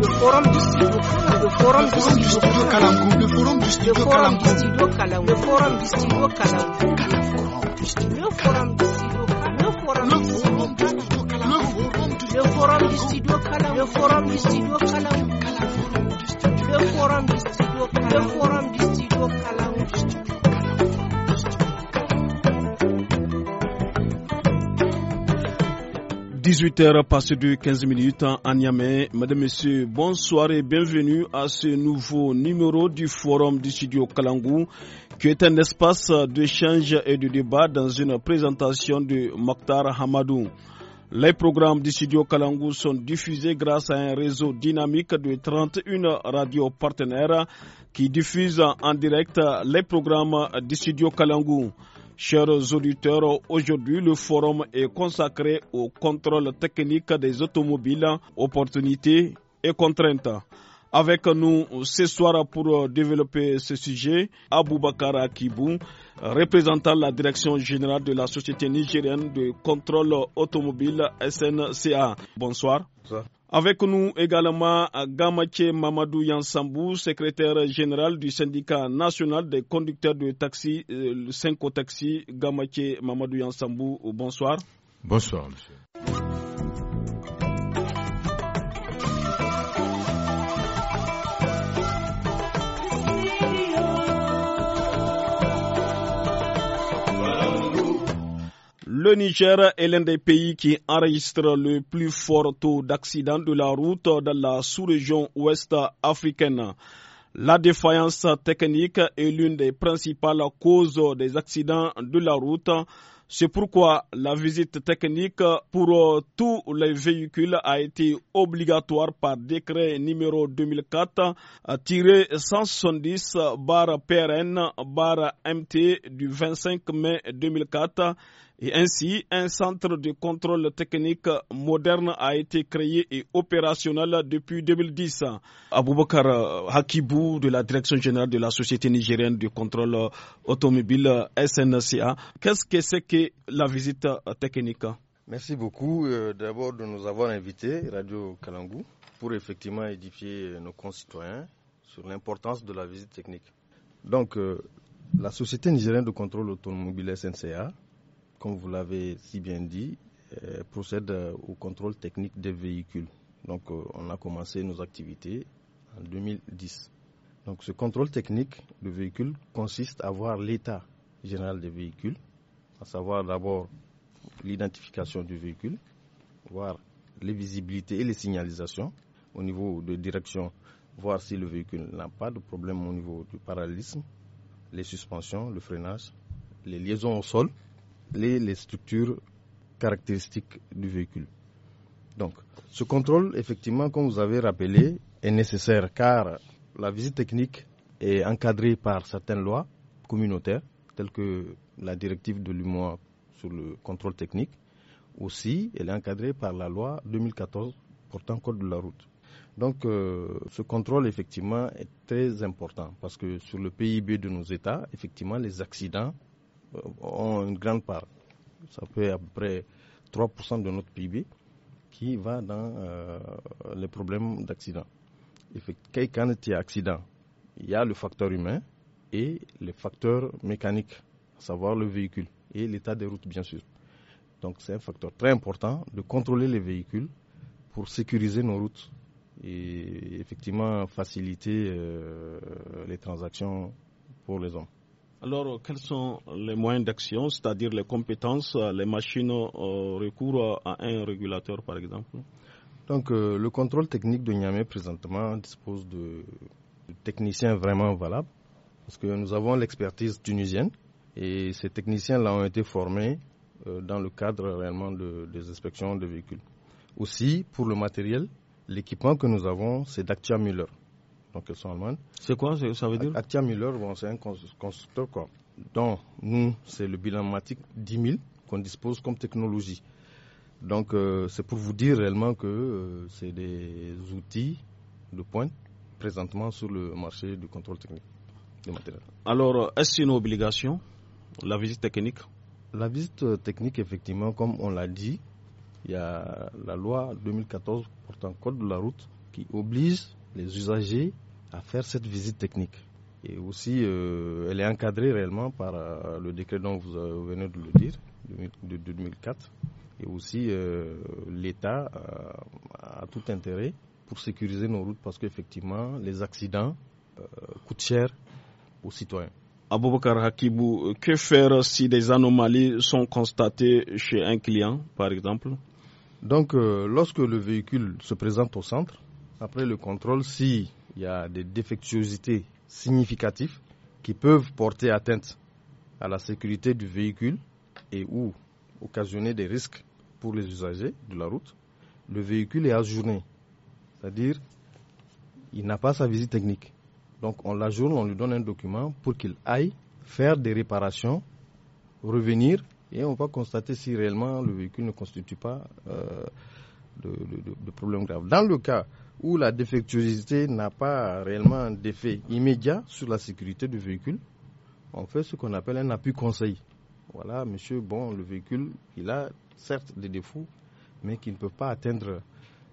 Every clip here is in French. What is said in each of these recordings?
le forum du studio le forum du studio Calamcom le forum du studio Calamcom le forum du studio Calamcom le forum du studio Calamcom le forum du studio Calamcom le forum du studio Calamcom le forum du studio Calamcom le forum du studio Calamcom le forum du studio Calamcom 18h passé de 15 minutes en Niamey. Mesdames, Messieurs, bonsoir et bienvenue à ce nouveau numéro du Forum du Studio Kalangou, qui est un espace d'échange et de débat dans une présentation de Mokhtar Hamadou. Les programmes du Studio Kalangou sont diffusés grâce à un réseau dynamique de 31 radios partenaires qui diffusent en direct les programmes du Studio Kalangou. Chers auditeurs, aujourd'hui le forum est consacré au contrôle technique des automobiles, opportunités et contraintes. Avec nous ce soir pour développer ce sujet, Aboubakar Akibou, représentant la direction générale de la Société nigérienne de contrôle automobile SNCA. Bonsoir. Avec nous également euh, Gamache Mamadou Yansambou, secrétaire général du syndicat national des conducteurs de taxi, euh, le Cinco Taxi. Gamache Mamadou Yansambou, bonsoir. Bonsoir, monsieur. Le Niger est l'un des pays qui enregistre le plus fort taux d'accidents de la route dans la sous-région ouest africaine. La défaillance technique est l'une des principales causes des accidents de la route. C'est pourquoi la visite technique pour tous les véhicules a été obligatoire par décret numéro 2004-170 PRN MT du 25 mai 2004 et ainsi, un centre de contrôle technique moderne a été créé et opérationnel depuis 2010. Aboubakar Hakibou de la Direction générale de la Société nigérienne de contrôle automobile SNCA, qu'est-ce que c'est que la visite technique Merci beaucoup euh, d'abord de nous avoir invités, Radio Kalangou, pour effectivement édifier nos concitoyens sur l'importance de la visite technique. Donc, euh, la Société nigérienne de contrôle automobile SNCA comme vous l'avez si bien dit, euh, procède euh, au contrôle technique des véhicules. Donc euh, on a commencé nos activités en 2010. Donc ce contrôle technique de véhicule consiste à voir l'état général des véhicules, à savoir d'abord l'identification du véhicule, voir les visibilités et les signalisations au niveau de direction, voir si le véhicule n'a pas de problème au niveau du parallélisme, les suspensions, le freinage, les liaisons au sol, les, structures caractéristiques du véhicule. Donc, ce contrôle, effectivement, comme vous avez rappelé, est nécessaire car la visite technique est encadrée par certaines lois communautaires, telles que la directive de l'UMOA sur le contrôle technique. Aussi, elle est encadrée par la loi 2014 portant code de la route. Donc, euh, ce contrôle, effectivement, est très important parce que sur le PIB de nos États, effectivement, les accidents ont une grande part. Ça peut être à peu près 3% de notre PIB qui va dans euh, les problèmes d'accident. Quelqu'un il y accident, il y a le facteur humain et le facteur mécanique, à savoir le véhicule et l'état des routes, bien sûr. Donc c'est un facteur très important de contrôler les véhicules pour sécuriser nos routes et effectivement faciliter euh, les transactions pour les hommes. Alors, quels sont les moyens d'action, c'est-à-dire les compétences, les machines, au recours à un régulateur, par exemple Donc, euh, le contrôle technique de Niamey, présentement, dispose de, techniciens vraiment valables, parce que nous avons l'expertise tunisienne, et ces techniciens-là ont été formés euh, dans le cadre réellement des inspections de véhicules. Aussi, pour le matériel, l'équipement que nous avons, c'est d'Actia Müller donc elles sont allemandes. C'est quoi ça veut dire Atia Müller, c'est un constructeur quoi. Donc nous, c'est le bilan matique 10 000 qu'on dispose comme technologie. Donc euh, c'est pour vous dire réellement que euh, c'est des outils de pointe présentement sur le marché du contrôle technique des matériels. Alors euh, est-ce une obligation la visite technique La visite technique effectivement comme on l'a dit, il y a la loi 2014 portant code de la route qui oblige les usagers à faire cette visite technique. Et aussi, euh, elle est encadrée réellement par euh, le décret dont euh, vous venez de le dire, de, 2004. Et aussi, l'État a tout intérêt pour sécuriser nos routes parce qu'effectivement, les accidents coûtent cher aux citoyens. Aboubakar Hakibou, que faire si des anomalies sont constatées chez un client, par exemple Donc, lorsque le véhicule se présente au centre, après le contrôle, si il y a des défectuosités significatives qui peuvent porter atteinte à la sécurité du véhicule et ou occasionner des risques pour les usagers de la route, le véhicule est ajourné. C'est-à-dire, il n'a pas sa visite technique. Donc on l'ajourne, on lui donne un document pour qu'il aille faire des réparations, revenir, et on va constater si réellement le véhicule ne constitue pas euh, de, de, problème grave. Dans le cas où la défectuosité n'a pas réellement d'effet immédiat sur la sécurité du véhicule, on fait ce qu'on appelle un appui conseil. Voilà, monsieur, bon, le véhicule, il a certes des défauts, mais qui ne peuvent pas atteindre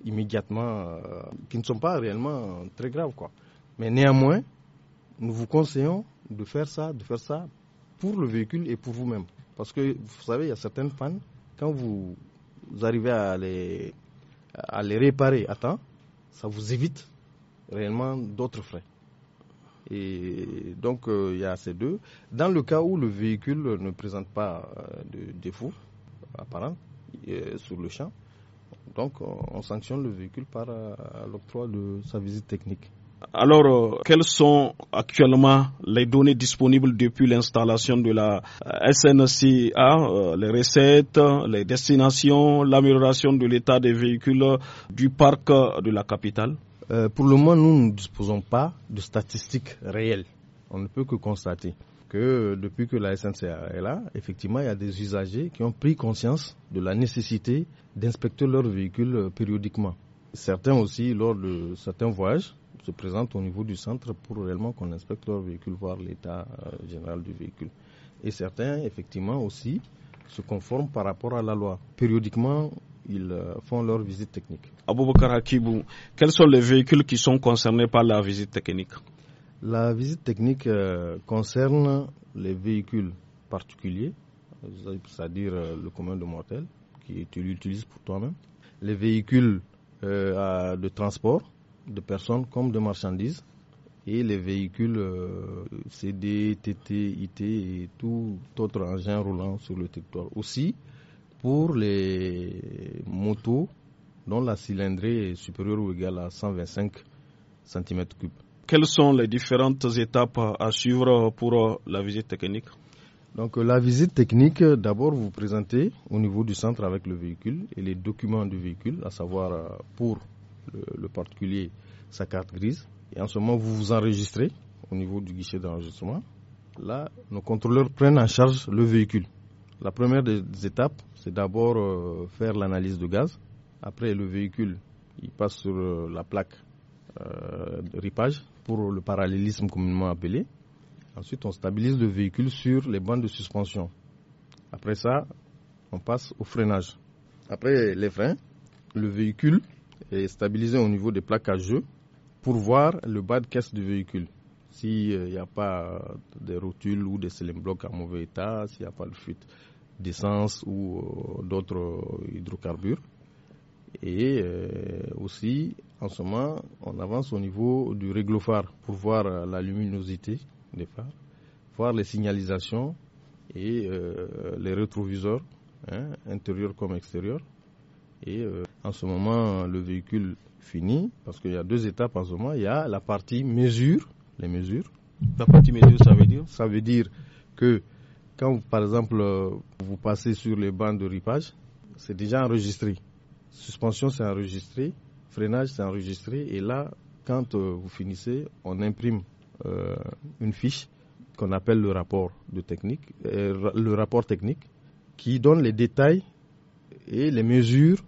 immédiatement, euh, qui ne sont pas réellement très graves, quoi. Mais néanmoins, nous vous conseillons de faire ça, de faire ça pour le véhicule et pour vous-même. Parce que vous savez, il y a certaines pannes, quand vous arrivez à les, à les réparer à temps, ça vous évite réellement d'autres frais. Et donc, euh, il y a ces deux. Dans le cas où le véhicule ne présente pas euh, de défaut apparent euh, sur le champ, donc on sanctionne le véhicule par l'octroi de sa visite technique. Alors, euh, quelles sont actuellement les données disponibles depuis l'installation de la euh, SNCA, euh, les recettes, les destinations, l'amélioration de l'état des véhicules du parc de la capitale Pour le moment, nous ne disposons pas de statistiques réelles. On ne peut que constater que depuis que la SNCA est là, effectivement, il y a des usagers qui ont pris conscience de la nécessité d'inspecter leurs véhicules périodiquement. Certains aussi, lors de certains voyages, se présentent au niveau du centre pour réellement qu'on inspecte leur véhicule, voir l'état euh, général du véhicule. Et certains, effectivement, aussi se conforment par rapport à la loi. Périodiquement, ils euh, font leur visite technique. Aboubakar Karakibou, quels sont les véhicules qui sont concernés par la visite technique La visite technique euh, concerne les véhicules particuliers, c'est-à-dire le commun de mortel, qui tu l'utilises pour toi-même, les véhicules de transport, de personnes comme de marchandises. Et les véhicules euh, CD, TT, IT et tout autre engin roulant sur le territoire. Aussi, pour les motos dont la cylindrée est supérieure ou égale à 125 cm3. Quelles sont les différentes étapes à suivre pour euh, la visite technique donc euh, la visite technique, d'abord vous présentez au niveau du centre avec le véhicule et les documents du véhicule, à savoir pour le, particulier sa carte grise. Et en ce moment, vous vous enregistrez au niveau du guichet d'enregistrement. Là, nos contrôleurs prennent en charge le véhicule. La première des étapes, c'est d'abord euh, faire l'analyse de gaz. Après, le véhicule, il passe sur euh, la plaque euh, de ripage pour le parallélisme communément appelé. Ensuite, on stabilise le véhicule sur les bandes de suspension. Après ça, on passe au freinage. Après les freins, le véhicule et stabilisé au niveau des plaques à jeu pour voir le bas de caisse du véhicule. S'il n'y euh, a pas euh, des rotules ou des cylindres en mauvais état, s'il n'y a pas de fuite d'essence ou euh, d'autres hydrocarbures. Et aussi, en ce moment, on avance au niveau du réglophare pour voir la luminosité des phares, voir les signalisations et les rétroviseurs, hein, intérieurs comme extérieurs et euh, en ce moment, le véhicule finit, parce qu'il y a deux étapes en ce moment. Il y a la partie mesure, les mesures. La partie mesure, ça veut dire Ça veut dire que quand, par exemple, euh, vous passez sur les bancs de ripage, c'est déjà enregistré. Suspension, c'est enregistré. Freinage, c'est enregistré. Et là, quand euh, vous finissez, on imprime une fiche qu'on appelle le rapport de technique, le rapport technique, qui donne les détails et les mesures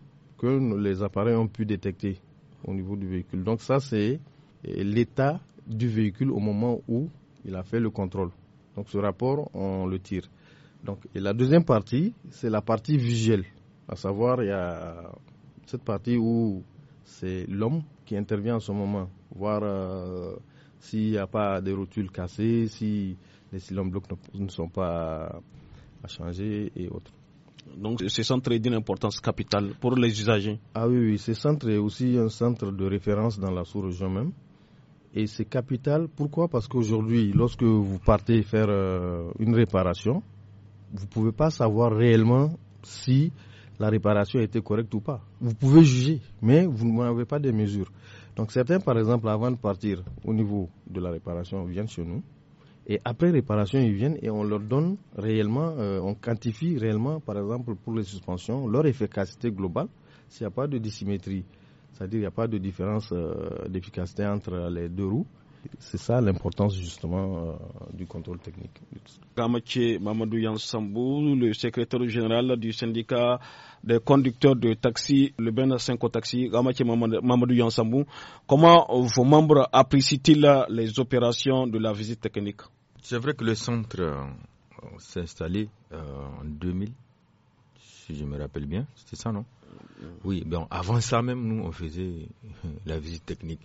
que les appareils ont pu détecter au niveau du véhicule. Donc ça, c'est euh, l'état du véhicule au moment où il a fait le contrôle. Donc ce rapport, on le tire. Donc, et la deuxième partie, c'est la partie visuelle. À savoir, il y a cette partie où c'est l'homme qui intervient en ce moment, voir euh, s'il n'y a pas des rotules cassées, si les silos blocs ne sont pas euh, à changer et autres. Donc ce centre est d'une importance capitale pour les usagers. Ah oui, ce centre est aussi un centre de référence dans la sous-région même. Et c'est capital, pourquoi Parce qu'aujourd'hui, lorsque vous partez faire euh, une réparation, vous ne pouvez pas savoir réellement si la réparation a été correcte ou pas. Vous pouvez juger, mais vous n'avez pas de mesures. Donc certains, par exemple, avant de partir au niveau de la réparation, viennent chez nous et après réparation, ils viennent et on leur donne réellement, euh, on quantifie réellement, par exemple, pour les suspensions, leur efficacité globale s'il n'y a pas de dissymétrie. C'est-à-dire qu'il n'y a pas de différence euh, d'efficacité entre les deux roues c'est ça l'importance justement euh, du contrôle technique. Gamache Mamadou Yansambou, le secrétaire général du syndicat des conducteurs de taxi, le Ben 5 Taxi, Gamache Mamadou Yansambou, comment vos membres apprécient-ils les opérations de la visite technique C'est vrai que le centre euh, s'est installé euh, en 2000, si je me rappelle bien, c'était ça, non Oui, bien avant ça même, nous, on faisait la visite technique.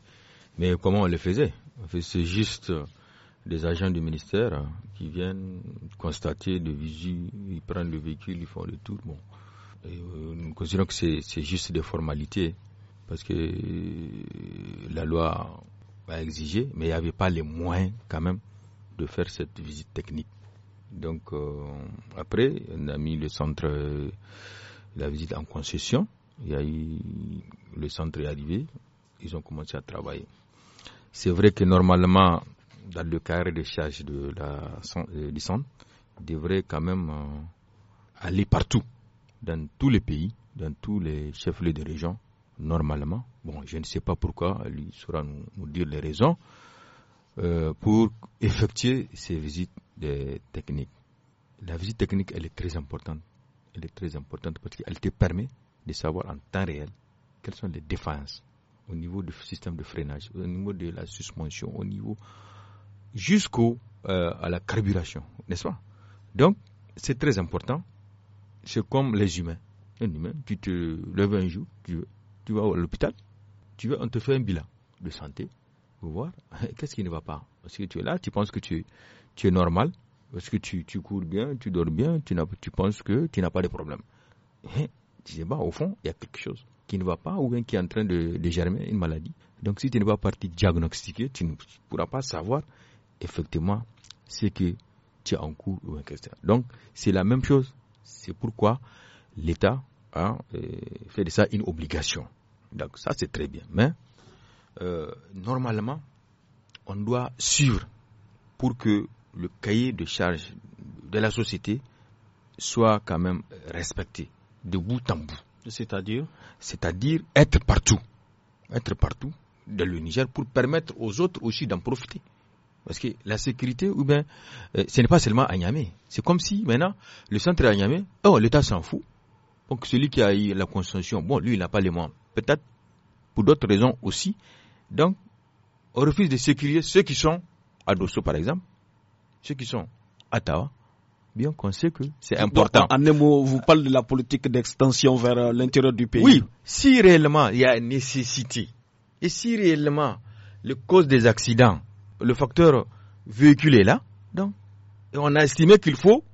Mais comment on le faisait C'est juste euh, des agents du ministère hein, qui viennent constater de visu, ils prennent le véhicule, ils font le tour. Bon. Euh, nous considérons que c'est juste des formalités parce que euh, la loi a exigé, mais il n'y avait pas les moyens quand même de faire cette visite technique. Donc après, on a mis le centre, la visite en concession. Il y a le centre est arrivé, ils ont commencé à travailler. C'est vrai que normalement, dans le carré de charge de la, euh, du centre, devrait quand même euh, aller partout, dans tous les pays, dans tous les chefs-lieux de région, normalement. Bon, je ne sais pas pourquoi, il saura nous, dire les raisons euh, pour effectuer ces visites techniques. La visite technique, elle est très importante. Elle est très importante parce qu'elle te permet de savoir en temps réel quelles sont les défenses au niveau du système de freinage, au niveau de la suspension, au niveau jusqu'au euh, à la carburation, n'est-ce pas Donc, c'est très important. C'est comme les humains. Un humain, tu te lèves un jour, tu, tu vas à l'hôpital, tu vas, on te fait un bilan de santé pour voir qu'est-ce qui ne va pas. Parce que tu es là, tu penses que tu, tu es normal, parce que tu, tu cours bien, tu dors bien, tu, tu penses que tu n'as pas de problème. Et tu sais, bah, au fond, il y a quelque chose qui ne va pas ou qui est en train de, germer une maladie. Donc si tu n'es pas parti diagnostiquer, tu ne pourras pas savoir effectivement ce que tu as en cours ou en question. Donc c'est la même chose. C'est pourquoi l'État a hein, euh, fait de ça une obligation. Donc ça c'est très bien. Mais euh, normalement, on doit suivre pour que le cahier de charge de la société soit quand même respecté de bout en bout. C'est-à-dire C'est-à-dire être partout. Être partout dans le Niger pour permettre aux autres aussi d'en profiter. Parce que la sécurité, ou bien, euh, ce n'est pas seulement à Niamey. C'est comme si maintenant, le centre est à Niamey, oh, l'État s'en fout. Donc celui qui a eu la concession, bon, lui, il n'a pas les moyens. Peut-être pour d'autres raisons aussi. Donc, on refuse de sécuriser ceux qui sont à Dosso, par exemple, ceux qui sont à Tawa, bien qu'on sait que c'est important. mot, vous parlez de la politique d'extension vers euh, l'intérieur du pays. Oui, si réellement il y a nécessité, et si réellement le cause des accidents, le facteur véhicule est là, donc, et on a estimé qu'il faut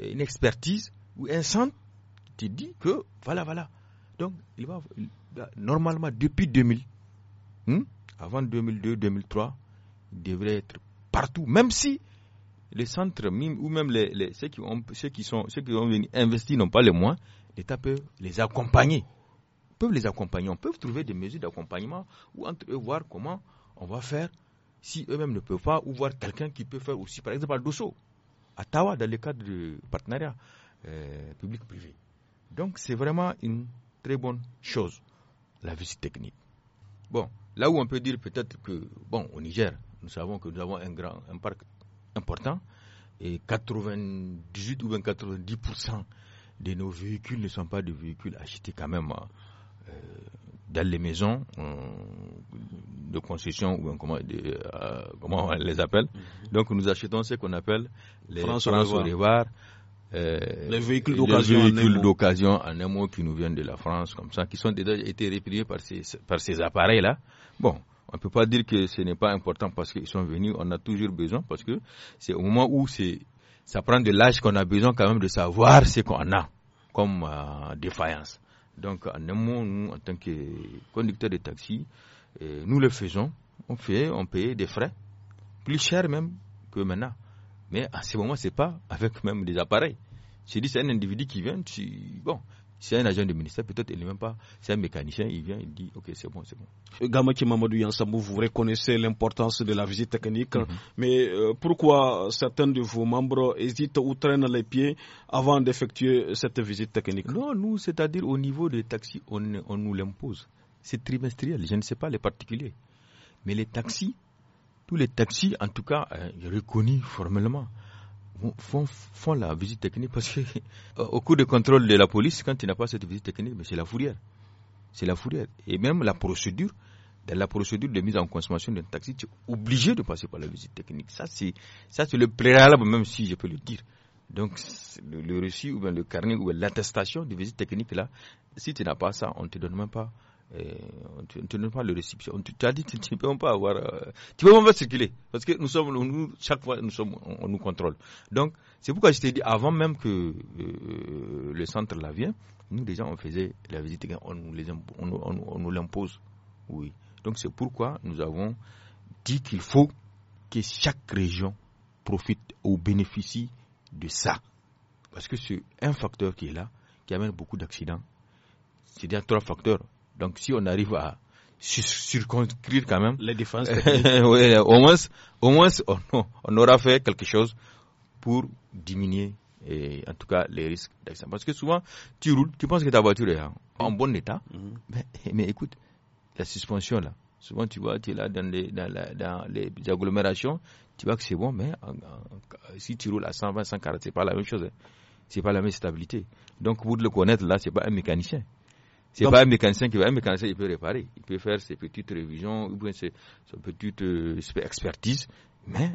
une expertise ou un centre qui dit que voilà, voilà. Donc, normalement, depuis 2000, hmm, avant 2002, 2003, il devrait être partout, même si les centres ou même les, ceux, qui ont, ceux, qui sont, ceux qui ont investi n'ont pas les moyens, l'État peut les accompagner. Peuvent les accompagner. On peut trouver des mesures d'accompagnement ou entre eux voir comment on va faire si eux-mêmes ne peuvent pas ou voir quelqu'un qui peut faire aussi, par exemple à Dosso, à Tawa, dans le cadre du partenariat euh, public-privé. Donc c'est vraiment une très bonne chose, la visite technique. Bon, là où on peut dire peut-être que, bon, au Niger, nous savons que nous avons un, grand, un parc important. Et 98 ou 90% de nos véhicules ne sont pas des véhicules achetés quand même hein, euh, dans les maisons euh, de concession ou comment, euh, comment on les appelle. Mhm. Donc nous achetons ce qu'on appelle les France au revoir. les véhicules d'occasion. Les véhicules d'occasion en un mot qui nous viennent de la France, comme ça, qui sont déjà été réprimés par ces, par ces appareils-là. Bon, on ne peut pas dire que ce n'est pas important parce qu'ils sont venus. On a toujours besoin parce que c'est au moment où ça prend de l'âge qu'on a besoin quand même de savoir ce qu'on a comme euh, défaillance. Donc, en un nous, en tant que conducteur de taxi, euh, nous le faisons. On fait, on paye des frais, plus chers même que maintenant. Mais à ce moment, c'est pas avec même des appareils. C'est dit, c'est un individu qui vient, tu, bon, c'est un agent du ministère, peut-être il n'est même pas. C'est un mécanicien, il vient, il dit Ok, c'est bon, c'est bon. Euh, Gamaki Mamadou vous reconnaissez l'importance de la visite technique, mhm. mais euh, pourquoi certains de vos membres hésitent ou traînent les pieds avant d'effectuer cette visite technique Non, nous, c'est-à-dire au niveau des taxis, on, nous l'impose. C'est trimestriel, je ne sais pas les particuliers. Mais les taxis, tous les taxis, en tout cas, reconnus euh, formellement, font, font la visite technique parce que au cours de contrôle de la police, quand tu n'as pas cette visite technique, c'est la fourrière. C'est la fourrière. Et même la procédure, dans la procédure de mise en consommation d'un taxi, tu es obligé de passer par la visite technique. Ça, c'est, ça, c'est le préalable, même si je peux le dire. Donc, le, reçu ou bien le carnet ou l'attestation de visite technique, là, si tu n'as pas ça, on ne te donne même pas on euh, tu donne pas le récipient. tu, as dit tu ne peux pas avoir. Euh, tu peux pas circuler. Parce que nous sommes, nous, chaque fois, nous sommes, on, nous contrôle. Donc, c'est pourquoi je t'ai dit, avant même que euh, le centre la vienne, nous déjà, on faisait la visite, on nous, les, on, on nous l'impose. Oui. Donc, c'est pourquoi nous avons dit qu'il faut que chaque région profite ou bénéficie de ça. Parce que c'est un facteur qui est là, qui amène beaucoup d'accidents. C'est-à-dire trois facteurs donc si on arrive à circonscrire quand même les défenses au moins, au moins on, on, aura fait quelque chose pour diminuer et en tout cas les risques d'accident. Parce que souvent tu roules, tu penses que ta voiture est en bon état, mhm. mais, écoute, la suspension là, souvent tu vois, tu es là dans les, agglomérations, tu vois que c'est bon, mais si tu roules à 120, 140, c'est pas la même chose. Ce hein. C'est pas la même stabilité. Donc, pour le connaître, là, c'est pas un mécanicien. C'est pas un mécanicien qui va. Un mécanicien, il peut réparer. Il peut faire ses petites révisions, ou bien ses, petites euh, expertises. Mais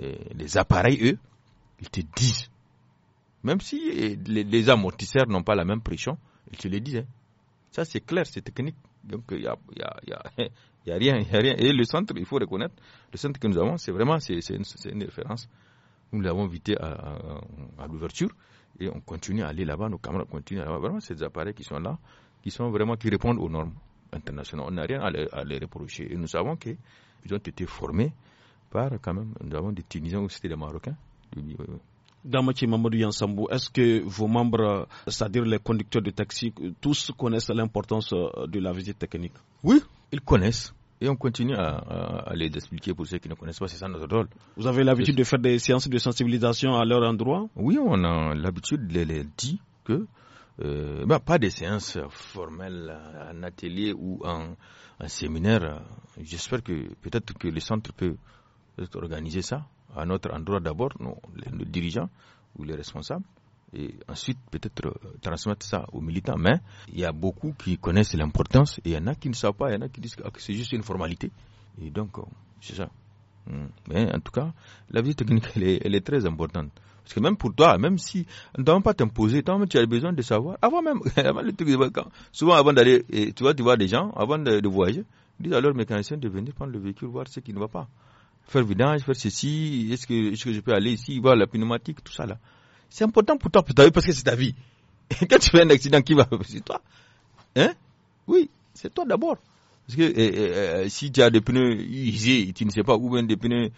euh, les appareils, eux, ils te disent. Même si euh, les, amortisseurs n'ont pas la même pression, ils te le disent. Hein. Ça, c'est clair, c'est technique. Donc, il n'y a, rien, Et le centre, il faut reconnaître, le centre que nous avons, c'est vraiment c'est, une, une, référence. Nous l'avons invité à, l'ouverture et on continue à aller là-bas, nos camarades continuent à aller Vraiment, ces appareils qui sont là, ils sont vraiment, qui répondent aux normes internationales. On n'a rien à les, reprocher. Et nous savons qu'ils ont été formés par, quand même, nous avons des Tunisiens ou des Marocains. Damachi Mamadou Yansambou, est-ce que vos membres, c'est-à-dire les conducteurs de taxi, tous connaissent l'importance euh, de la visite technique Oui, ils connaissent. Et on continue à, les expliquer pour ceux qui ne connaissent pas, c'est ça notre rôle. Vous avez l'habitude de faire des séances de sensibilisation à leur endroit Oui, on a l'habitude de les dire que euh, bah, pas de séances formelles un atelier ou un séminaire. J'espère que peut-être que le centre peut, organiser ça à notre endroit d'abord, nos, dirigeants ou les responsables, et ensuite peut-être euh, transmettre ça aux militants. Mais il y a beaucoup qui connaissent l'importance et il y en a qui ne savent pas, il y en a qui disent que ah, c'est juste une formalité. Et donc, euh, c'est ça. Hmm. Mais en tout cas, la vie technique, elle est très importante. Parce que même pour toi, même si on ne pas t'imposer, tu as besoin de savoir. Avant même, avant le truc, souvent avant d'aller, tu vois, tu vois des gens, avant de, voyager, ils disent à leur mécanicien de venir prendre le véhicule, voir ce qui ne va pas. Faire vidange, faire ceci, est-ce que, est que je peux aller ici, voir la pneumatique, tout ça là. C'est important pour toi, parce que c'est ta vie. quand tu fais un accident, qui va C'est toi. Hein Oui, c'est toi d'abord. Parce que si tu as des pneus usés, tu ne sais pas où viennent des pneus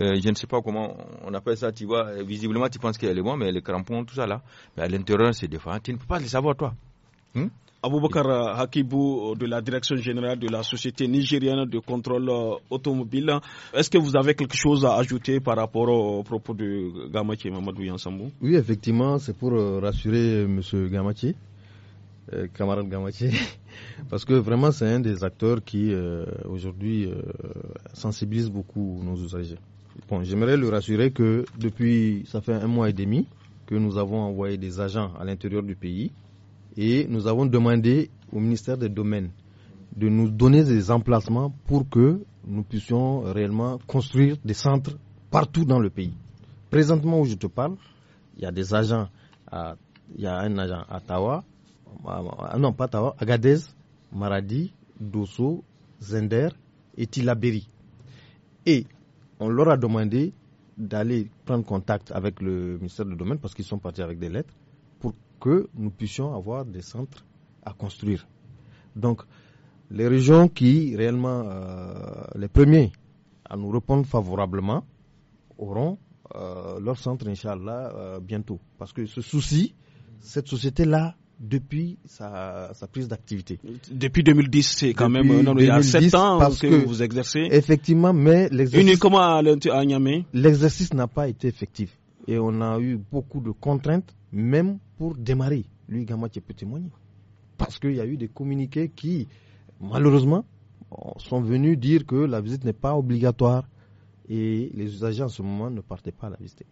euh, je ne sais pas comment on appelle ça, tu vois, visiblement tu penses qu'elle est bonne, mais les crampons, tout ça là, mais à l'intérieur c'est différent, tu ne peux pas le savoir toi. Hmm? Aboubakar Hakibou de la direction générale de la société nigérienne de contrôle euh, automobile. Est-ce que vous avez quelque chose à ajouter par rapport aux propos de Gamachi et Mamadou Yansambou Oui, effectivement, c'est pour euh, rassurer M. Gamachi, camarade Gamachi, parce que vraiment c'est un des acteurs qui aujourd'hui sensibilise beaucoup nos usagers. Bon, j'aimerais le rassurer que depuis, ça fait un mois et demi que nous avons envoyé des agents à l'intérieur du pays et nous avons demandé au ministère des Domaines de nous donner des emplacements pour que nous puissions réellement construire des centres partout dans le pays. Présentement où je te parle, il y a des agents, à, il y a un agent à Tawa, non pas Tawa, Agadez, Maradi, Dosso, Zender et Tilaberi. Et on leur a demandé d'aller prendre contact avec le ministère du Domaine parce qu'ils sont partis avec des lettres pour que nous puissions avoir des centres à construire. Donc, les régions qui réellement euh, les premiers à nous répondre favorablement auront euh, leur centre, Inch'Allah, euh, bientôt. Parce que ce souci, cette société-là depuis sa, prise d'activité. Depuis 2010, c'est quand même il y a 7 ans que, vous exercez. Effectivement, mais l'exercice. n'a pas été effectif et on a eu beaucoup de contraintes, même pour démarrer. Lui, Gamatier peut témoigner. Parce qu'il y a eu des communiqués qui, malheureusement, sont venus dire que la visite n'est pas obligatoire et les usagers en ce moment ne partaient pas à la visite.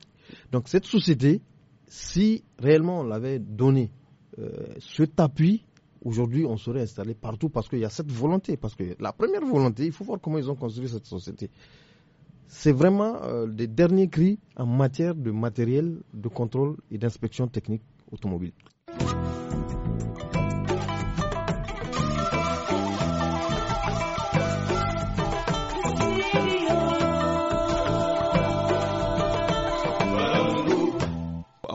Donc cette société, si réellement on l'avait donnée euh, cet appui, aujourd'hui, on serait installé partout parce qu'il y a cette volonté. Parce que la première volonté, il faut voir comment ils ont construit cette société. C'est vraiment des euh, derniers cris en matière de matériel de contrôle et d'inspection technique automobile.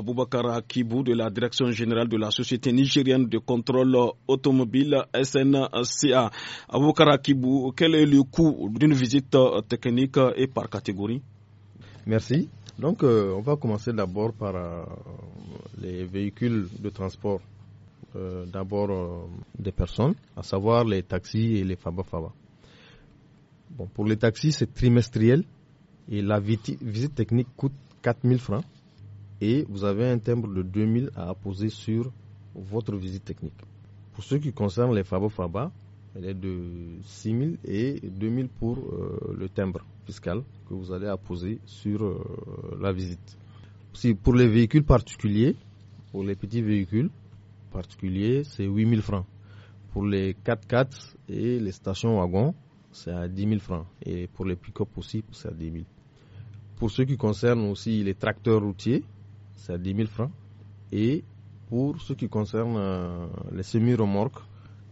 Aboubakar Kibou de la Direction générale de la Société nigérienne de contrôle automobile SNCA. Aboubakar Akibou, quel est le coût d'une visite technique et par catégorie Merci. Donc, euh, on va commencer d'abord par euh, les véhicules de transport. Euh, d'abord des personnes, à savoir les taxis et les faba-faba. Bon, pour les taxis, c'est trimestriel et la visite technique coûte 4000 francs et vous avez un timbre de 2000 à apposer sur votre visite technique. Pour ce qui concerne les Fabo Faba, elle est de 6000 et 2000 pour euh, le timbre fiscal que vous allez apposer sur euh, la visite. Si pour les véhicules particuliers, pour les petits véhicules particuliers, c'est 8000 francs. Pour les 4x4 et les stations wagons, c'est à 10 000 francs. Et pour les pick-up aussi, c'est à 10 000. Pour ce qui concerne aussi les tracteurs routiers, c'est à 10 000 francs. Et pour ce qui concerne euh, les semi-remorques,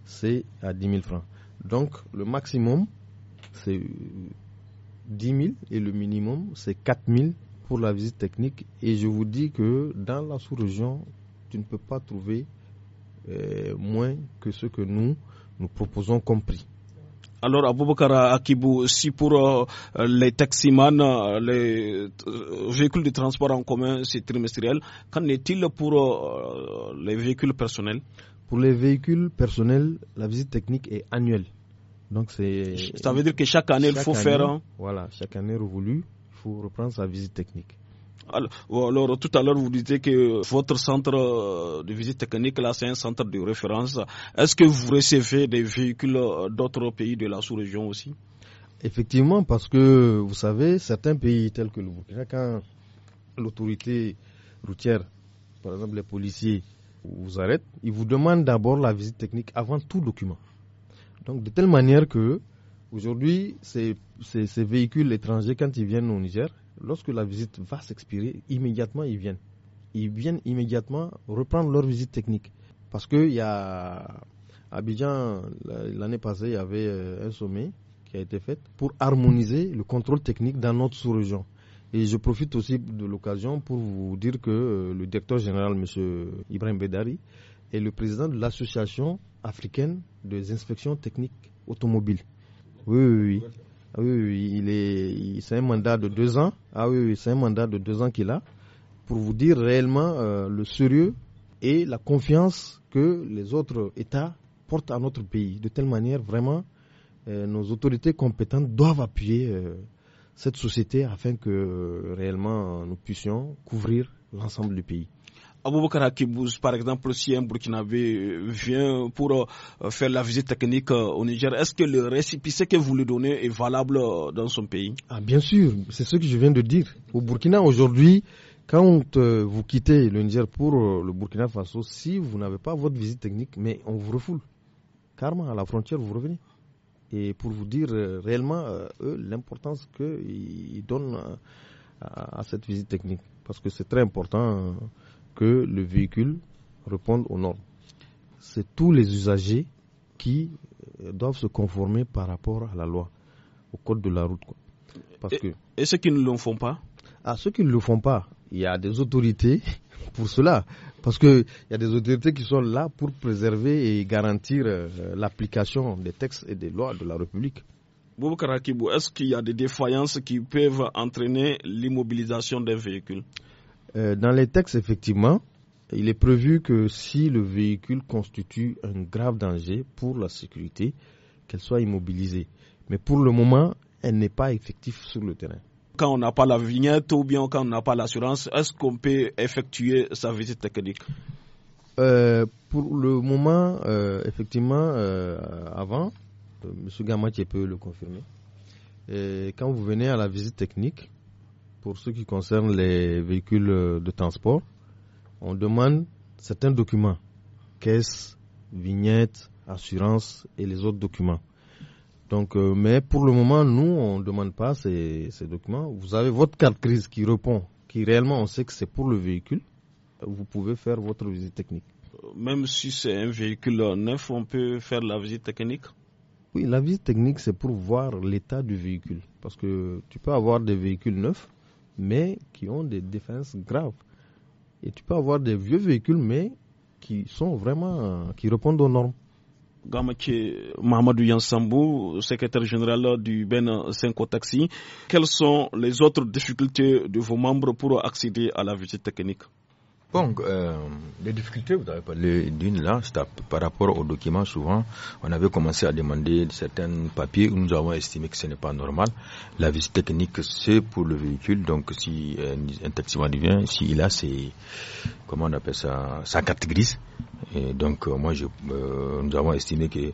c'est à 10 000 francs. Donc le maximum, c'est 10 euh, 000 et le minimum, c'est 4 000 pour la visite technique. Et je vous dis que dans la sous-région, tu ne peux pas trouver euh, moins que ce que nous, nous proposons compris. Alors, Aboubakar Akibou, si pour euh, les taximans, euh, les euh, véhicules de transport en commun, c'est trimestriel, qu'en est-il pour les véhicules personnels Pour les véhicules personnels, la visite technique est annuelle. Donc c'est. Ça veut dire que chaque année, il faut faire. Voilà, chaque année il faut reprendre sa visite technique. Alors, tout à l'heure, vous disiez que votre centre euh, de visite technique, là, c'est un centre de référence. Est-ce que vous recevez des véhicules euh, d'autres pays de la sous-région aussi Effectivement, parce que, vous savez, certains pays tels que le Burkina, quand l'autorité routière, par exemple les policiers, vous arrêtent, ils vous demandent d'abord la visite technique avant tout document. Donc, de telle manière que, aujourd'hui, ces véhicules étrangers, quand ils viennent au Niger, lorsque la visite va s'expirer, immédiatement ils viennent. Ils viennent immédiatement reprendre leur visite technique. Parce qu'il y a Abidjan, l'année passée, il y avait euh, un sommet qui a été fait pour harmoniser le contrôle technique dans notre sous-région. Et je profite aussi de l'occasion pour vous dire que euh, le directeur général, M. Ibrahim Bedari, est le président de l'Association africaine des inspections techniques automobiles. Oui, oui, oui. Ah oui, il est, c'est un mandat de deux ans. Ah oui, c'est un mandat de deux ans qu'il a pour vous dire réellement euh, le sérieux et la confiance que les autres États portent à notre pays. De telle manière, vraiment, euh, nos autorités compétentes doivent appuyer euh, cette société afin que réellement nous puissions couvrir l'ensemble du pays. Aboubakar Hakibouz, par exemple, si un Burkinabé euh, vient pour euh, faire la visite technique euh, au Niger, est-ce que le récipice que vous lui donnez est valable dans son pays ah, Bien sûr, c'est ce que je viens de dire. Au Burkina, aujourd'hui, quand vous quittez le Niger pour le Burkina Faso, si vous n'avez pas votre visite technique, mais on vous refoule. Carrément, à la frontière, vous revenez. Et pour vous dire réellement, l'importance qu'ils donnent à, cette visite technique. Parce que c'est très important que le véhicule réponde aux normes. C'est tous les usagers qui euh, doivent se conformer par rapport à la loi, au code de la route. Parce et, que, et ceux qui ne le font pas Ah, ceux qui ne le font pas, il y a des autorités pour cela. Parce qu'il y a des autorités qui sont là pour préserver et garantir euh, l'application des textes et des lois de la République. Boubou est-ce qu'il y a des défaillances qui peuvent entraîner l'immobilisation d'un véhicule euh, dans les textes, effectivement, il est prévu que si le véhicule constitue un grave danger pour la sécurité, qu'elle soit immobilisée. Mais pour le moment, elle n'est pas effective sur le terrain. Quand on n'a pas la vignette ou bien quand on n'a pas l'assurance, est-ce qu'on peut effectuer sa visite technique euh, Pour le moment, euh, effectivement, avant, M. Gamatier peut le confirmer, quand vous venez à la visite technique, pour ce qui concerne les véhicules euh, de transport, on demande certains documents, caisse, vignette, assurance et les autres documents. Donc, euh, mais pour le moment, nous, on ne demande pas ces, ces, documents. Vous avez votre carte crise qui répond, qui réellement, on sait que c'est pour le véhicule. Vous pouvez faire votre visite technique. Même si c'est un véhicule neuf, on peut faire la visite technique Oui, la visite technique, c'est pour voir l'état du véhicule. Parce que tu peux avoir des véhicules neufs, mais qui ont des défenses graves. Et tu peux avoir des vieux véhicules, mais qui sont vraiment, qui répondent aux normes. Gamaki Mahamadou Yansambou, secrétaire général du Ben 5 Taxi. Quelles sont les autres difficultés de vos membres pour accéder à la visite technique Bon, euh, les difficultés, vous avez parlé d'une là, par rapport aux documents, souvent, on avait commencé à demander certains papiers où nous avons estimé que ce n'est pas normal. La visite technique, c'est pour le véhicule, donc si un taximan vient, s'il a c'est... comment on appelle ça, sa carte grise, et donc euh, moi, je, euh, nous avons estimé que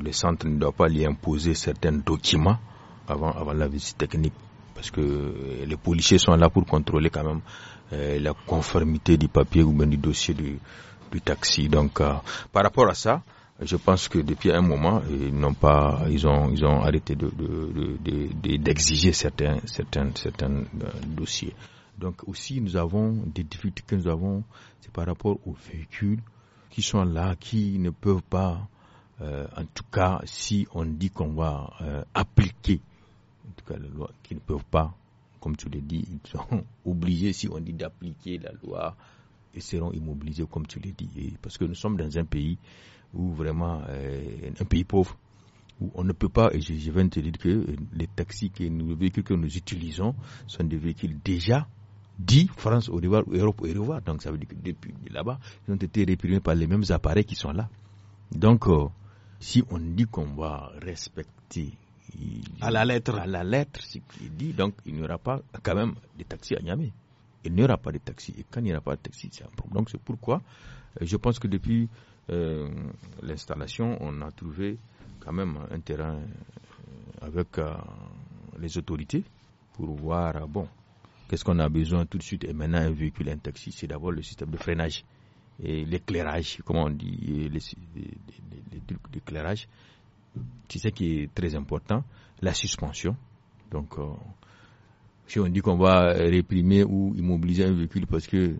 le centre ne doit pas lui imposer certains documents avant, avant la visite technique parce que euh, les policiers sont là pour contrôler quand même euh, la conformité du papier ou bien du dossier du, du taxi. Donc, euh, par rapport à ça, je pense que depuis un moment, ils n'ont pas, ils ont, ils ont arrêté de, d'exiger de, de, certains, certains, certains euh, dossiers. Donc aussi, nous avons des difficultés que nous avons, c'est par rapport aux véhicules qui sont là, qui ne peuvent pas, en tout cas, si on dit qu'on va appliquer, en tout cas, la loi, qui ne peuvent pas comme tu l'as dit, ils sont obligés, si on dit, d'appliquer la loi et seront immobilisés, comme tu l'as dit. parce que nous sommes dans un pays où vraiment, euh, un pays pauvre, où on ne peut pas, et je, je viens de te dire que les taxis, que nous, les véhicules que nous utilisons sont des véhicules déjà dit France au Europe au Donc ça veut dire que depuis là-bas, ils ont été réprimés par les mêmes appareils qui sont là. Donc, euh, si on dit qu'on va respecter à la lettre. À la lettre, ce qu'il dit. Donc, il n'y aura pas quand même de taxis à Niamey. Il n'y aura pas de taxis Et quand il n'y aura pas de taxi, c'est un problème. Donc, c'est pourquoi euh, je pense que depuis euh, l'installation, on a trouvé quand même un terrain euh, avec les autorités pour voir, bon, qu'est-ce qu'on a besoin tout de suite. Et maintenant, un véhicule, un taxi, c'est d'abord le système de freinage et l'éclairage, comment on dit, les, les trucs d'éclairage tu sais qui est très important, la suspension. Donc, euh, si on dit qu'on va réprimer ou immobiliser un véhicule parce que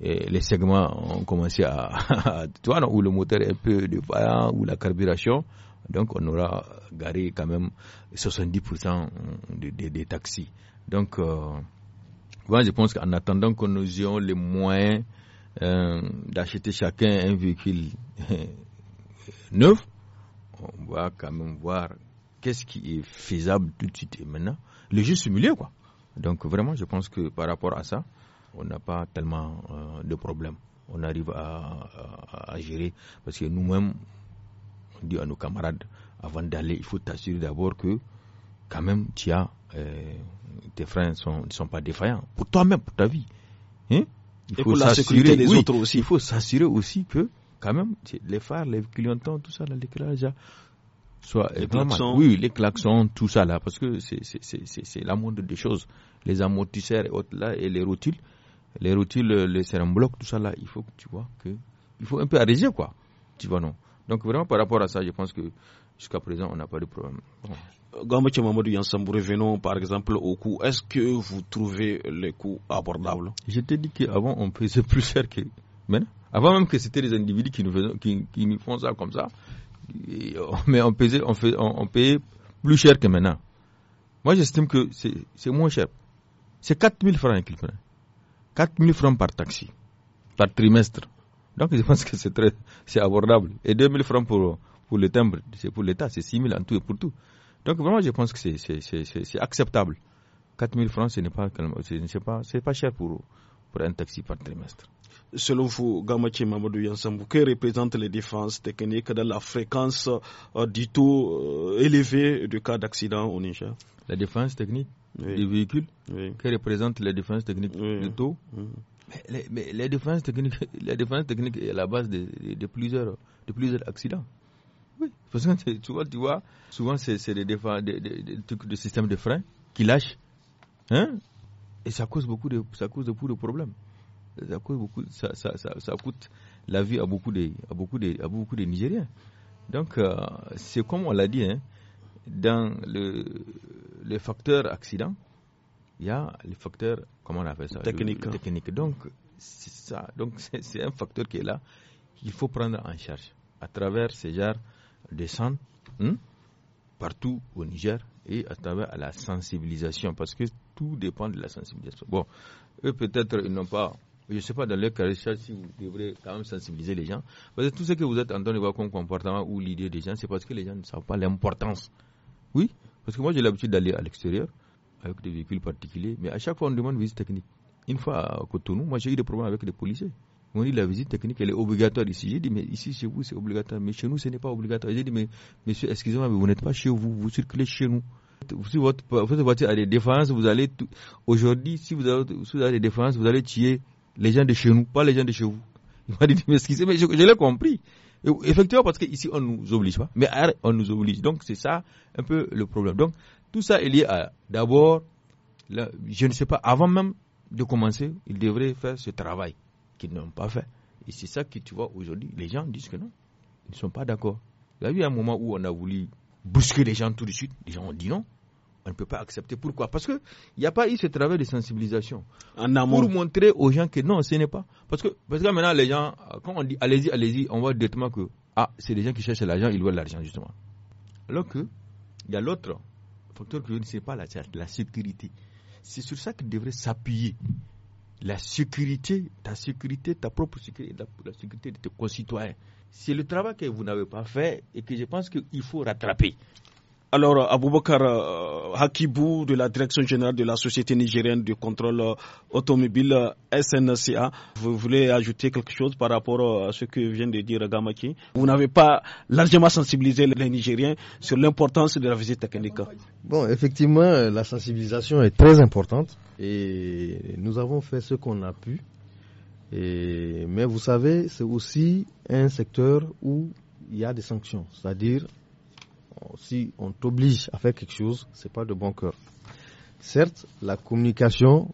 eh, les segments ont commencé à, tu vois où le moteur est un peu défaillant, ou la carburation. Donc, on aura garé quand même 70% des taxis. Donc, euh, moi, je pense qu'en attendant que nous ayons les moyens euh, d'acheter chacun un véhicule neuf, on va quand même voir qu'est-ce qui est faisable tout de suite et maintenant. Le jeu milieu, quoi. Donc vraiment, je pense que par rapport à ça, on n'a pas tellement euh, de problèmes. On arrive à, à, gérer parce que nous-mêmes, on dit à nos camarades, avant d'aller, il faut t'assurer d'abord que quand même, tu as, euh, tes freins ne sont, pas défaillants. Pour toi-même, pour ta vie. Hein? aussi. Il faut s'assurer aussi que quand même, les phares, les clignotants, tout ça, là, l'éclairage, soit les klaxons. Oui, les klaxons, tout ça là, parce que c'est la mode des choses. Les amortisseurs et autres là, et les rotules, les rotules, euh, les bloc tout ça là, il faut que tu vois que, il faut un peu arrêter quoi, tu vois non. Donc vraiment par rapport à ça, je pense que jusqu'à présent on n'a pas de problème. Bon. Euh, Mamadou revenons par exemple au coût. Est-ce que vous trouvez les coûts abordables Je t'ai dit qu'avant on faisait plus cher que maintenant. Avant même que c'était les individus qui nous, qui, qui nous font ça comme ça, euh, mais on payait, on, fait, on, payait plus cher que maintenant. Moi, j'estime que c'est moins cher. C'est 4000 francs qu'il prend. 4 francs par taxi, par trimestre. Donc, je pense que c'est très, c'est abordable. Et 2000 francs pour, pour le timbre, c'est pour l'État, c'est 6000 en tout et pour tout. Donc, vraiment, je pense que c'est acceptable. 4000 francs, ce n'est pas, pas, pas cher pour, pour un taxi par trimestre selon vous, Gamachi Mamadou Yansambou, que représentent les défenses techniques dans la fréquence euh, du taux euh, élevé de cas d'accident au Niger La défense technique des véhicules Que représentent les défenses techniques du taux Mais, les, défenses techniques, la défense technique est la base de, plusieurs, de plusieurs accidents. Oui, parce que tu vois, souvent c'est des, de système de frein qui lâchent. Hein? Et ça cause beaucoup ça cause beaucoup de problèmes beaucoup ça, ça, ça, coûte la vie à beaucoup de à beaucoup de à beaucoup de Nigériens. Donc euh, c'est comme on l'a dit hein, dans le le facteur accident, il y a le facteur comment on appelle ça technique. Donc c'est ça donc c'est un facteur qui est là qu'il faut prendre en charge à travers ces genres de hein, partout au Niger et à travers à la sensibilisation parce que tout dépend de la sensibilisation. Bon, eux peut-être ils n'ont pas je ne sais pas, dans le cas si vous devrez quand même sensibiliser les gens. Parce que tout ce que vous êtes en train de voir comme comportement ou l'idée des gens, c'est parce que les gens ne savent pas l'importance. Oui, parce que moi j'ai l'habitude d'aller à l'extérieur avec des véhicules particuliers, mais à chaque fois on demande visite technique. Une fois à Cotonou, moi j'ai eu des problèmes avec les policiers. m'ont dit la visite technique, elle est obligatoire ici. J'ai dit, mais ici, chez vous, c'est obligatoire. Mais chez nous, ce n'est pas obligatoire. J'ai dit, mais monsieur, excusez-moi, mais vous n'êtes pas chez vous, vous circulez chez nous. Si votre, voiture a des défenses, vous allez. Aujourd'hui, si vous avez, si vous avez des défenses, vous allez tuer les gens de chez nous, pas les gens de chez vous. Il m'a dit mais excusez, mais je, l'ai compris. effectivement, parce qu'ici, on nous oblige pas, mais on nous oblige. Donc, c'est ça un peu le problème. Donc, tout ça est lié à, d'abord, je ne sais pas, avant même de commencer, ils devraient faire ce travail qu'ils n'ont pas fait. Et c'est ça que tu vois aujourd'hui, les gens disent que non, ils ne sont pas d'accord. Il y a eu un moment où on a voulu bousquer les gens tout de suite, les gens ont dit non on ne peut pas accepter. Pourquoi Parce qu'il n'y a pas eu ce travail de sensibilisation. Pour montrer aux gens que non, ce n'est pas. Parce que, parce maintenant, les gens, quand on dit allez-y, allez-y, on voit directement que ah, c'est les gens qui cherchent l'argent, ils veulent l'argent, justement. Alors qu'il y a l'autre facteur que je ne sais pas, la, la sécurité. C'est sur ça qu'il devrait s'appuyer. La sécurité, ta sécurité, ta propre sécurité, la sécurité de tes concitoyens. C'est le travail que vous n'avez pas fait et que je pense qu'il faut rattraper. Alors, euh, Aboubakar euh, Hakibou de la Direction générale de la Société nigérienne de contrôle euh, automobile SNCA, vous voulez ajouter quelque chose par rapport à ce que vient de dire Gamaki Vous n'avez pas largement sensibilisé les Nigériens sur l'importance de la visite technique Bon, effectivement, la sensibilisation est très importante et nous avons fait ce qu'on a pu. mais vous savez, c'est aussi un secteur où il y a des sanctions, c'est-à-dire si on t'oblige à faire quelque chose, c'est pas de bon cœur. Certes, la communication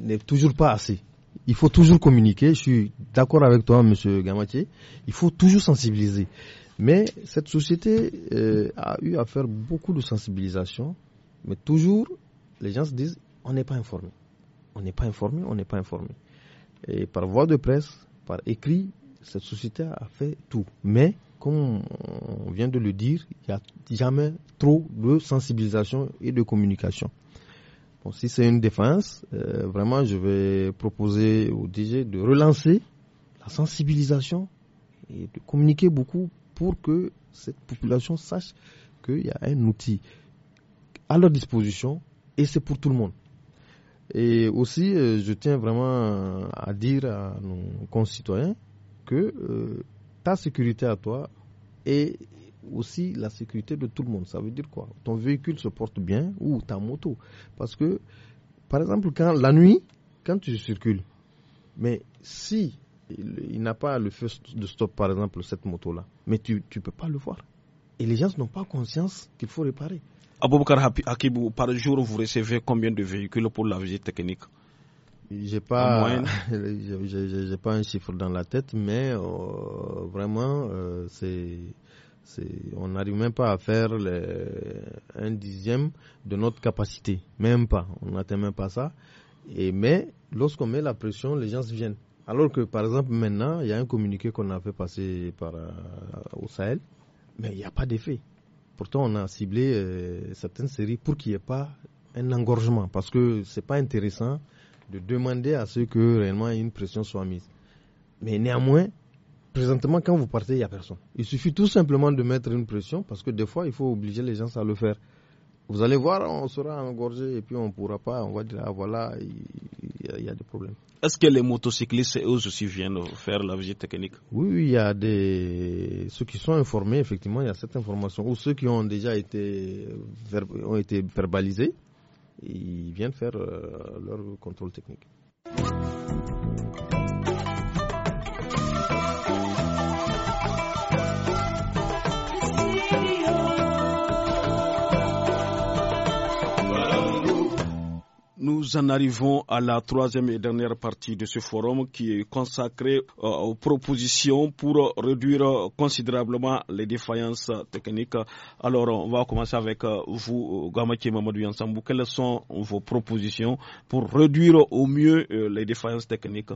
n'est toujours pas assez. Il faut toujours communiquer. Je suis d'accord avec toi, Monsieur Gamatier. Il faut toujours sensibiliser. Mais cette société euh, a eu à faire beaucoup de sensibilisation, mais toujours les gens se disent on n'est pas informé. On n'est pas informé, on n'est pas informé. Et par voie de presse, par écrit, cette société a fait tout. Mais on vient de le dire, il n'y a jamais trop de sensibilisation et de communication. si c'est une défense, euh, vraiment, je vais proposer au DG de relancer la sensibilisation et de communiquer beaucoup pour que cette population sache qu'il y a un outil à leur disposition et c'est pour tout le monde. Et aussi, euh, je tiens vraiment à dire à nos concitoyens que euh, ta sécurité à toi et aussi la sécurité de tout le monde. Ça veut dire quoi Ton véhicule se porte bien ou ta moto. Parce que, par exemple, quand la nuit, quand tu circules, mais si il, n'a pas le feu de stop, par exemple, cette moto-là, mais tu ne peux pas le voir. Et les gens n'ont pas conscience qu'il faut réparer. Aboubakar Hakibou, par jour, vous recevez combien de véhicules pour la visite technique j'ai pas, j'ai pas un chiffre dans la tête, mais euh, vraiment, euh, c'est, on n'arrive même pas à faire un dixième de notre capacité, même pas. On n'atteint même pas ça. Et mais lorsqu'on met la pression, les gens viennent. Alors que par exemple maintenant, il y a un communiqué qu'on a fait passer par euh, au Sahel, mais il n'y a pas d'effet. Pourtant, on a ciblé euh, certaines séries pour qu'il n'y ait pas un engorgement, parce que c'est pas intéressant de demander à ce que réellement une pression soit mise. Mais néanmoins, présentement, quand vous partez, il n'y a personne. Il suffit tout simplement de mettre une pression parce que des fois, il faut obliger les gens à le faire. Vous allez voir, on sera engorgé et puis on ne pourra pas. On va dire, ah voilà, il y, a des problèmes. Est-ce que les motocyclistes, eux aussi, viennent faire la visite technique Oui, il y a des. Ceux qui sont informés, effectivement, il y a cette information. Ou ceux qui ont déjà été, ont été verbalisés, ils viennent faire euh, leur contrôle technique. Nous en arrivons à la troisième et dernière partie de ce forum qui est consacrée euh, aux propositions pour réduire considérablement les défaillances techniques. Alors, on va commencer avec euh, vous, Gamaki Mamadou Yansambou. Quelles sont vos propositions pour réduire au mieux euh, les défaillances techniques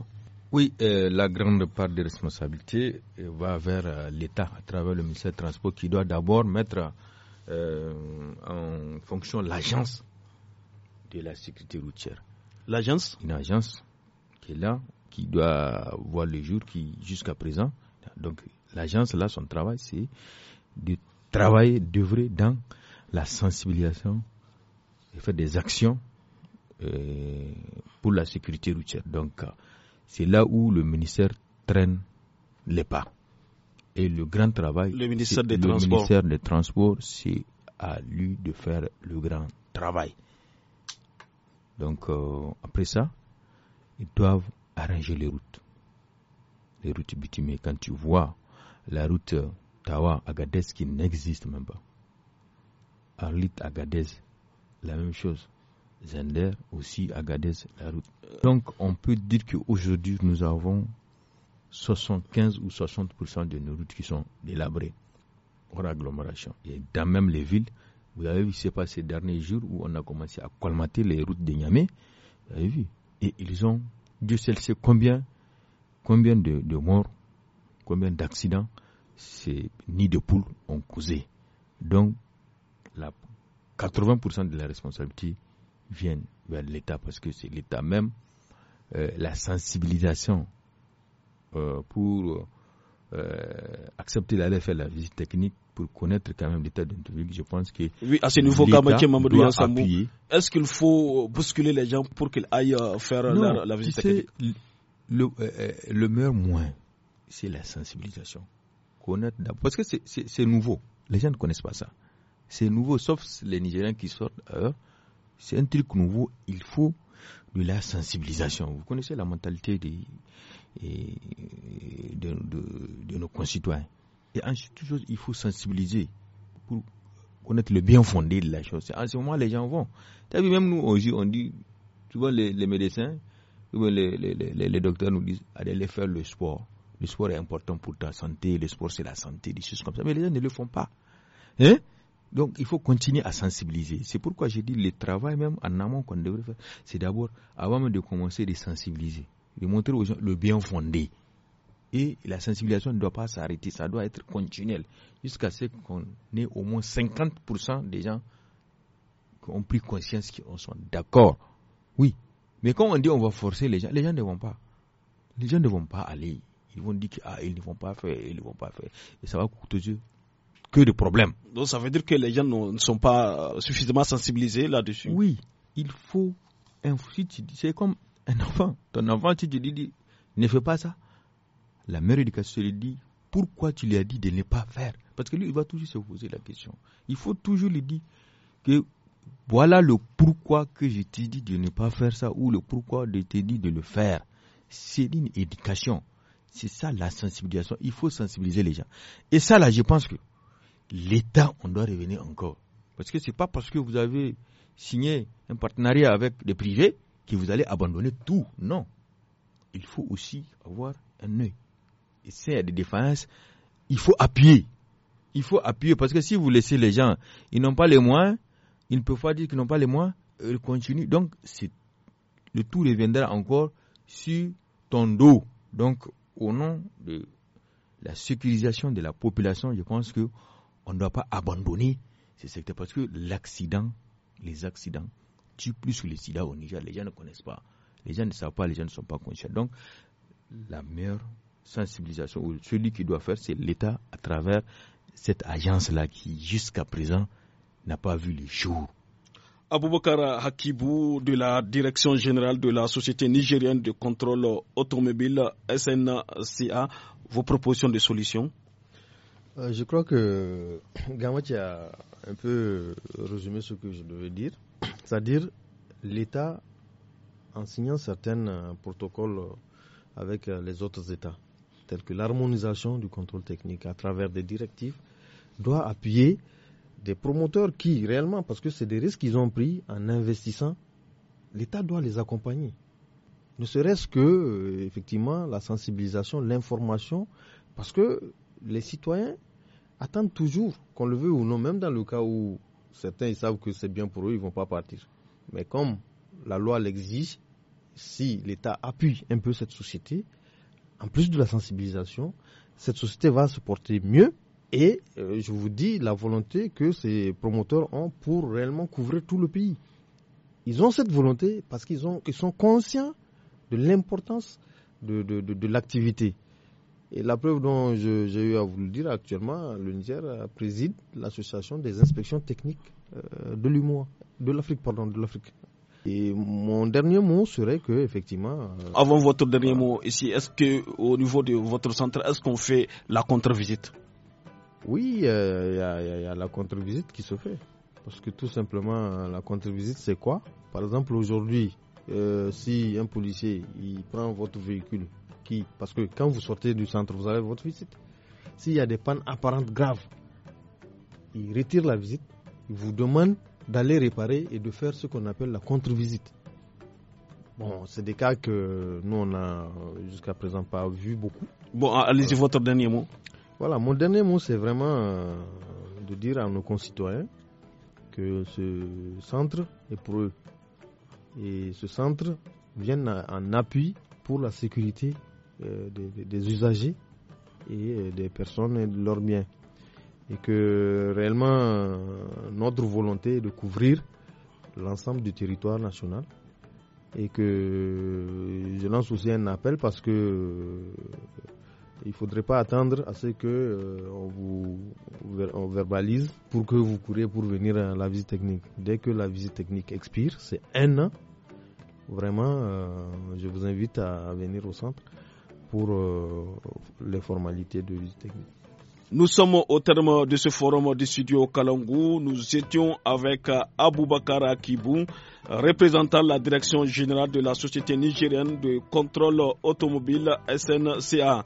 oui, la grande part des responsabilités va vers l'État à travers le ministère des Transports qui doit d'abord mettre en fonction l'agence de la sécurité routière. L'agence Une agence qui est là, qui doit voir le jour, qui jusqu'à présent. Donc l'agence, là, son travail, c'est de travailler, d'œuvrer dans la sensibilisation et faire des actions euh, pour la sécurité routière. Donc c'est là où le ministère traîne les pas. Et le grand travail, le ministère des le ministère des Transports c'est à lui de faire le grand travail. Donc, euh, après ça, ils doivent arranger les routes. Les routes bitumées, quand tu vois la route euh, Tawa-Agadez qui n'existe même pas. Arlit-Agadez, la même chose. Zender aussi, Agadez, la route. Donc, on peut dire qu'aujourd'hui, nous avons 75 ou 60% de nos routes qui sont délabrées Pour agglomération. Et dans même les villes, vous avez vu, c'est pas ces derniers jours où on a commencé à colmater les routes de Niamey. Vous avez vu. Et ils ont, Dieu seul sait combien, combien de, morts, combien d'accidents ces nids de poules ont causé. Donc, la, 80% de la responsabilité vient vers l'État parce que c'est l'État même. Euh, la sensibilisation euh, pour euh, accepter d'aller faire la visite technique, connaître quand même l'état d'une je pense que. à est-ce qu'il faut bousculer les gens pour qu'ils aillent euh, faire la, visite le, euh, euh, le meilleur moyen, c'est la sensibilisation. Connaître Parce que c'est nouveau. Les gens ne connaissent pas ça. C'est nouveau, sauf les Nigériens qui sortent C'est un truc nouveau. Il faut de la sensibilisation. Vous connaissez la mentalité des, et de, nos concitoyens. Et ensuite, il faut sensibiliser pour connaître le bien fondé de la chose. En ce moment, les gens vont. As vu, même nous, on dit, souvent les, les médecins, les, les, docteurs nous disent, allez faire le sport. Le sport est important pour ta santé, le sport c'est la santé, des choses comme ça. Mais les gens ne le font pas. Hein? Donc il faut continuer à sensibiliser. C'est pourquoi j'ai dit le travail même en amont qu'on devrait faire, c'est d'abord, avant même de commencer, de sensibiliser, de montrer aux gens le bien fondé et la sensibilisation ne doit pas s'arrêter, ça doit être continuel jusqu'à ce qu'on ait au moins 50% des gens qui ont pris conscience, qui sont d'accord. Oui, mais quand on dit on va forcer les gens, les gens ne vont pas. Les gens ne vont pas aller. Ils vont dire qu'ils ah, ne vont pas faire, ils ne vont pas faire. Et ça va coûter que de problèmes. Donc ça veut dire que les gens ne sont pas euh, suffisamment sensibilisés là-dessus. Oui, il faut. C'est comme un enfant. Ton enfant, tu te dis, ne fais pas ça. La mère éducation lui dit pourquoi tu lui as dit de ne pas faire Parce que lui, il va toujours se poser la question. Il faut toujours lui dire que voilà le pourquoi que je t'ai dit de ne pas faire ça ou le pourquoi je t'ai dit de le faire. C'est une éducation. C'est ça la sensibilisation. Il faut sensibiliser les gens. Et ça, là, je pense que l'État, on doit revenir encore. Parce que ce n'est pas parce que vous avez signé un partenariat avec des privés que vous allez abandonner tout. Non. Il faut aussi avoir un œil c'est des défenses il faut appuyer. Il faut appuyer parce que si vous laissez les gens, ils n'ont pas les moyens, ils ne peuvent pas dire qu'ils n'ont pas les moyens, ils continuent. Donc, le tout reviendra encore sur ton dos. Donc, au nom de la sécurisation de la population, je pense que on ne doit pas abandonner c'est secteur parce que l'accident, les accidents tuent plus que les sida au Niger. Les gens ne connaissent pas. Les gens ne savent pas, les gens ne sont pas conscients. Donc, la meilleure sensibilisation, ou celui qui doit faire, c'est l'État à travers cette agence-là qui, jusqu'à présent, n'a pas vu le jour. Aboubakar Hakibou de la Direction générale de la Société nigérienne de contrôle automobile SNCA, vos propositions de solutions euh, Je crois que Gamati a un peu résumé ce que je devais dire, c'est-à-dire l'État en signant certains protocoles avec les autres États telle que l'harmonisation du contrôle technique à travers des directives, doit appuyer des promoteurs qui, réellement, parce que c'est des risques qu'ils ont pris en investissant, l'État doit les accompagner. Ne serait-ce que, euh, effectivement, la sensibilisation, l'information, parce que les citoyens attendent toujours, qu'on le veuille ou non, même dans le cas où certains savent que c'est bien pour eux, ils ne vont pas partir. Mais comme la loi l'exige, si l'État appuie un peu cette société, en plus de la sensibilisation, cette société va se porter mieux. Et euh, je vous dis la volonté que ces promoteurs ont pour réellement couvrir tout le pays. Ils ont cette volonté parce qu'ils sont conscients de l'importance de, l'activité. Et la preuve dont j'ai eu à vous le dire actuellement, le Niger préside l'association des inspections techniques euh, de l'UMOA, de l'Afrique, pardon, de l'Afrique, et mon dernier mot serait que, effectivement. Euh, Avant votre dernier mot, ici, est-ce que au niveau de votre centre, est-ce qu'on fait la contre-visite Oui, il y, a la contre-visite qui se fait. Parce que tout simplement, la contre-visite, c'est quoi Par exemple, aujourd'hui, euh, si un policier il prend votre véhicule, qui, parce que quand vous sortez du centre, vous avez votre visite. S'il y a des pannes apparentes graves, il retire la visite, il vous demande d'aller réparer et de faire ce qu'on appelle la contre-visite. Bon, c'est des cas que nous, on n'a euh, jusqu'à présent pas vu beaucoup. Bon, ah, allez-y, euh, votre dernier mot. Voilà, mon dernier mot, c'est vraiment euh, de dire à nos concitoyens que ce centre est pour eux. Et ce centre vient en appui pour la sécurité des, des, usagers et des personnes et de leurs biens et que réellement notre volonté est de couvrir l'ensemble du territoire national et que je lance aussi un appel parce que euh, il ne faudrait pas attendre à ce qu'on euh, vous verbalise pour que vous couriez pour venir à la visite technique. Dès que la visite technique expire, c'est un an. Vraiment, euh, je vous invite à venir au centre pour les formalités de visite technique. Nous sommes au terme de ce forum du studio Kalangu. Nous étions avec euh, Aboubakar Kibou, représentant la direction générale de la Société nigérienne de contrôle automobile SNCA.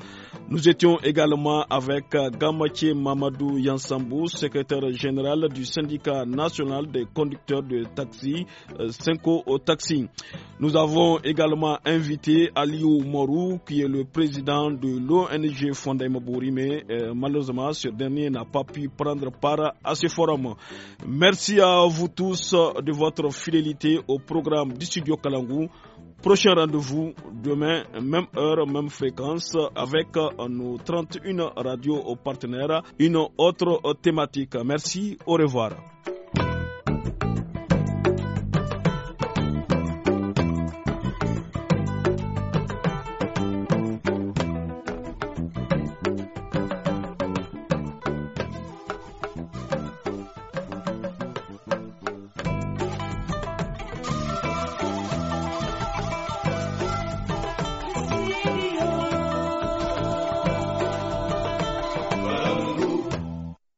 Nous étions également avec euh, Gamache Mamadou Yansambou, secrétaire général du syndicat national des conducteurs de taxi, Cinco euh, au taxi. Nous avons également invité Aliou Morou, qui est le président de l'ONG Fonday Mabourimé. Malheureusement, ce dernier n'a pas pu prendre part à ce forum. Merci à vous tous de votre fidélité au programme du studio Kalangu Prochain rendez-vous demain, même heure, même fréquence, avec nos 31 radios partenaires, une autre thématique. Merci, au revoir.